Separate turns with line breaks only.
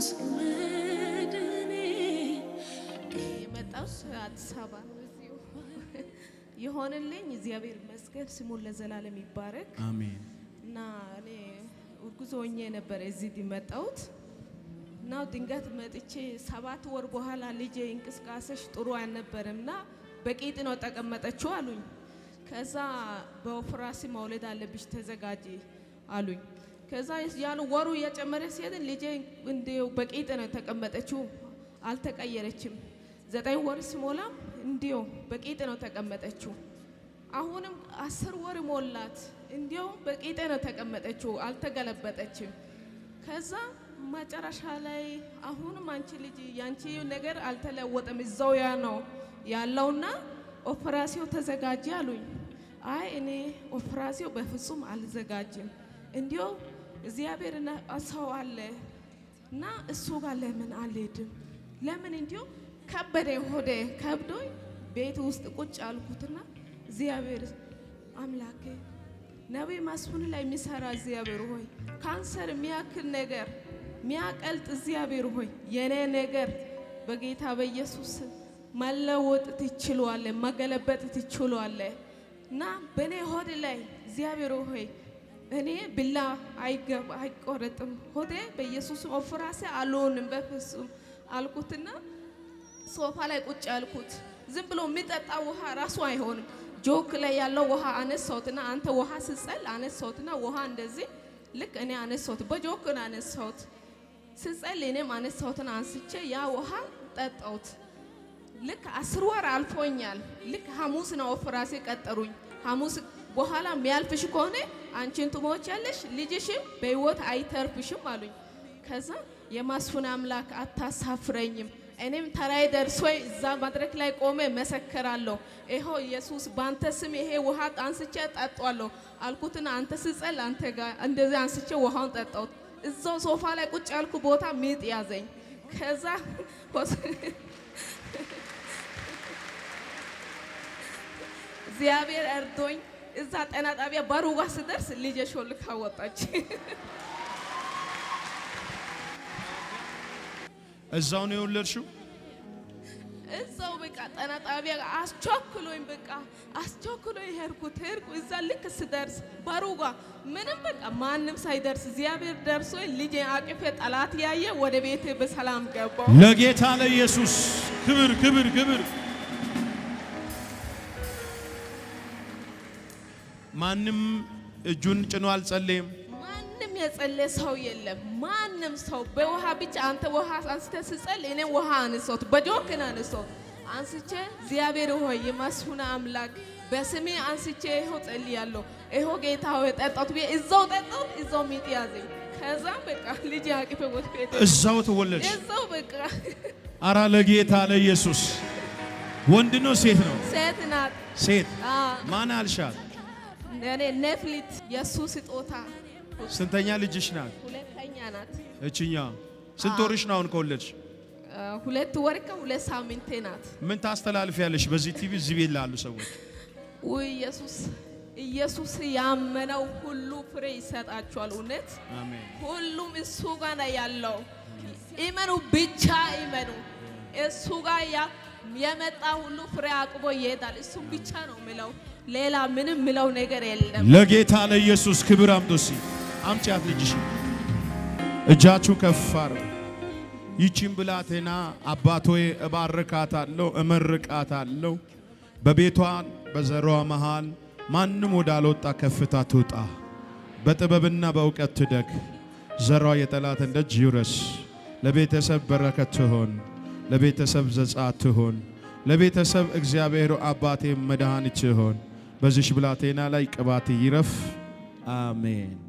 ኢየሱስ መድኔ የመጣው አዲስ አበባ ነው። እዚሁ የሆነልኝ እግዚአብሔር ይመስገን፣ ስሙን ለዘላለም ይባረክ። አሜን። እና እኔ እርጉዝ ሆኜ ነበር እዚህ የመጣሁት እና ድንገት መጥቼ ሰባት ወር በኋላ ልጄ እንቅስቃሴሽ ጥሩ አልነበረምና በቂጥ ነው ተቀመጠችው አሉኝ። ከዛ በኦፕራሲ መውለድ አለብሽ ተዘጋጂ አሉኝ። ከዛ ያን ወሩ እየጨመረ ሲሄድ ልጄ እንዲሁ በቂጥ ነው የተቀመጠችው፣ አልተቀየረችም። ዘጠኝ ወር ሲሞላም እንዲሁ በቂጥ ነው ተቀመጠችው። አሁንም አስር ወር ሞላት፣ እንዲሁ በቂጥ ነው ተቀመጠችው፣ አልተገለበጠችም። ከዛ መጨረሻ ላይ አሁንም አንቺ ልጅ ያንቺ ነገር አልተለወጠም፣ እዛው ያ ነው ያለውና ኦፕራሲው ተዘጋጀ አሉኝ። አይ እኔ ኦፕራሲው በፍጹም አልዘጋጅም እንዲሁ እግዚአብሔር ሰው አለ እና እሱ ጋር ለምን አልሄድም? ለምን እንዲሁ ከበደ ሆደ ከብዶኝ ቤት ውስጥ ቁጭ አልኩትና እግዚአብሔር አምላኬ ነቢይ መስፍን ላይ የሚሰራ እግዚአብሔር ሆይ ካንሰር የሚያክል ነገር ሚያቀልጥ እግዚአብሔር ሆይ የኔ ነገር በጌታ በኢየሱስ መለወጥ ትችሏለ፣ መገለበጥ ትችሏለ እና በእኔ ሆድ ላይ እግዚአብሔር ሆይ እኔ ብላ አይቆረጥም ሆቴ በኢየሱስ ወፍራሴ አልሆንም በፍጹም አልኩትና ሶፋ ላይ ቁጭ አልኩት። ዝም ብሎ የሚጠጣ ውሃ ራሱ አይሆንም። ጆክ ላይ ያለው ውሃ አነሳሁትና አንተ ውሃ ስጸል አነሳሁትና ውሃ እንደዚህ ልክ እኔ አነሳሁት በጆክን አነሳሁት ስጸል እኔም አነሳሁትና አንስቼ ያ ውሃ ጠጣሁት። ልክ አስር ወር አልፎኛል። ልክ ሐሙስ ነው ወፍራሴ ቀጠሩኝ። ሐሙስ በኋላ የሚያልፍሽ ከሆነ አንቺን ትሞቻለሽ፣ ልጅሽም በህይወት አይተርፍሽም አሉኝ። ከዛ የማስፉን አምላክ አታሳፍረኝም እኔም ተራይ ደርሶ እዛ መድረክ ላይ ቆመ መሰከራለሁ። ይኸው ኢየሱስ በአንተ ስም ይሄ ውሃ አንስቼ ጠጧለሁ አልኩትን አንተ ስጸል አንተ ጋር እንደዚህ አንስቼ ውሃውን ጠጣሁት። እዛው ሶፋ ላይ ቁጭ ያልኩ ቦታ ምጥ ያዘኝ። ከዛ እግዚአብሔር እርዶኝ እዛ ጤና ጣቢያ በሩዋ ስደርስ ልጅ ሾልካ ወጣች።
እዛው ነው የወለድሽው?
እዛው በቃ ጤና ጣቢያ አስቸኩሎኝ በቃ አስቸኩሎኝ ሄድኩት ሄድኩ። እዛ ልክ ስደርስ በሩዋ ምንም በቃ ማንም ሳይደርስ እግዚአብሔር ደርሶ ልጅ አቅፌ ጠላት ያየ ወደ ቤቴ በሰላም ገባው።
ለጌታ ለኢየሱስ ክብር ክብር ክብር ማንም እጁን ጭኖ አልጸለየም።
ማንም የጸለየ ሰው የለም። ማንም ሰው በውሃ ብቻ አንተ ውሃ አንስተ ስጸልይ እኔ ውሃ አንሶት በጆክን አንሶት አንስቼ እግዚአብሔር ሆይ የመስሁና አምላክ በስሜ አንስቼ ይኸው ጸልያለሁ፣ ይኸው ጌታ ሆይ ጠጣት ብዬ እዛው ጠጣት፣ እዛው ሚጥ ያዘኝ። ከዛ በቃ ልጅ አቅፈ
እዛው ተወለድሽ፣ እዛው በቃ አራ ለጌታ ለኢየሱስ። ወንድ ነው ሴት ነው? ሴት ናት። ሴት ማን
እኔ ኔፍሊት የእሱ ስጦታ።
ስንተኛ ልጅሽ ናት?
ሁለተኛ ናት።
እችኛ ስንት ወርሽ ነው አሁን ከወለድሽ?
ሁለት ወር ከሁለት ሳምንቴ ናት።
ምን ታስተላልፊያለሽ በዚህ ቲቪ እዚህ ቤት ላሉ ሰዎች?
ውይ ኢየሱስ ኢየሱስ ያመነው ሁሉ ፍሬ ይሰጣቸዋል። እውነት ሁሉም እሱ ጋር ነው ያለው። እመኑ ብቻ እመኑ። እሱ ጋር የመጣ ሁሉ ፍሬ አቅቦ ይሄዳል። እሱም ብቻ ነው ምለው ሌላ ምንም ምለው ነገር የለም።
ለጌታ ለኢየሱስ ክብር አምጡሲ አምጪያት ልጅሽ እጃችሁ ከፋር ይቺን ብላቴና አባቶይ እባርካታለሁ፣ እመርቃታለሁ። በቤቷ በዘሯ መሃል ማንም ወዳልወጣ ከፍታ ትውጣ። በጥበብና በእውቀት ትደግ። ዘሯ የጠላትን ደጅ ይውረስ። ለቤተሰብ በረከት ትሆን። ለቤተሰብ ዘጻት ትሆን። ለቤተሰብ እግዚአብሔር አባቴ መድኃኒት ትሆን። በዚሽ ብላቴና ላይ ቅባት ይረፍ። አሜን።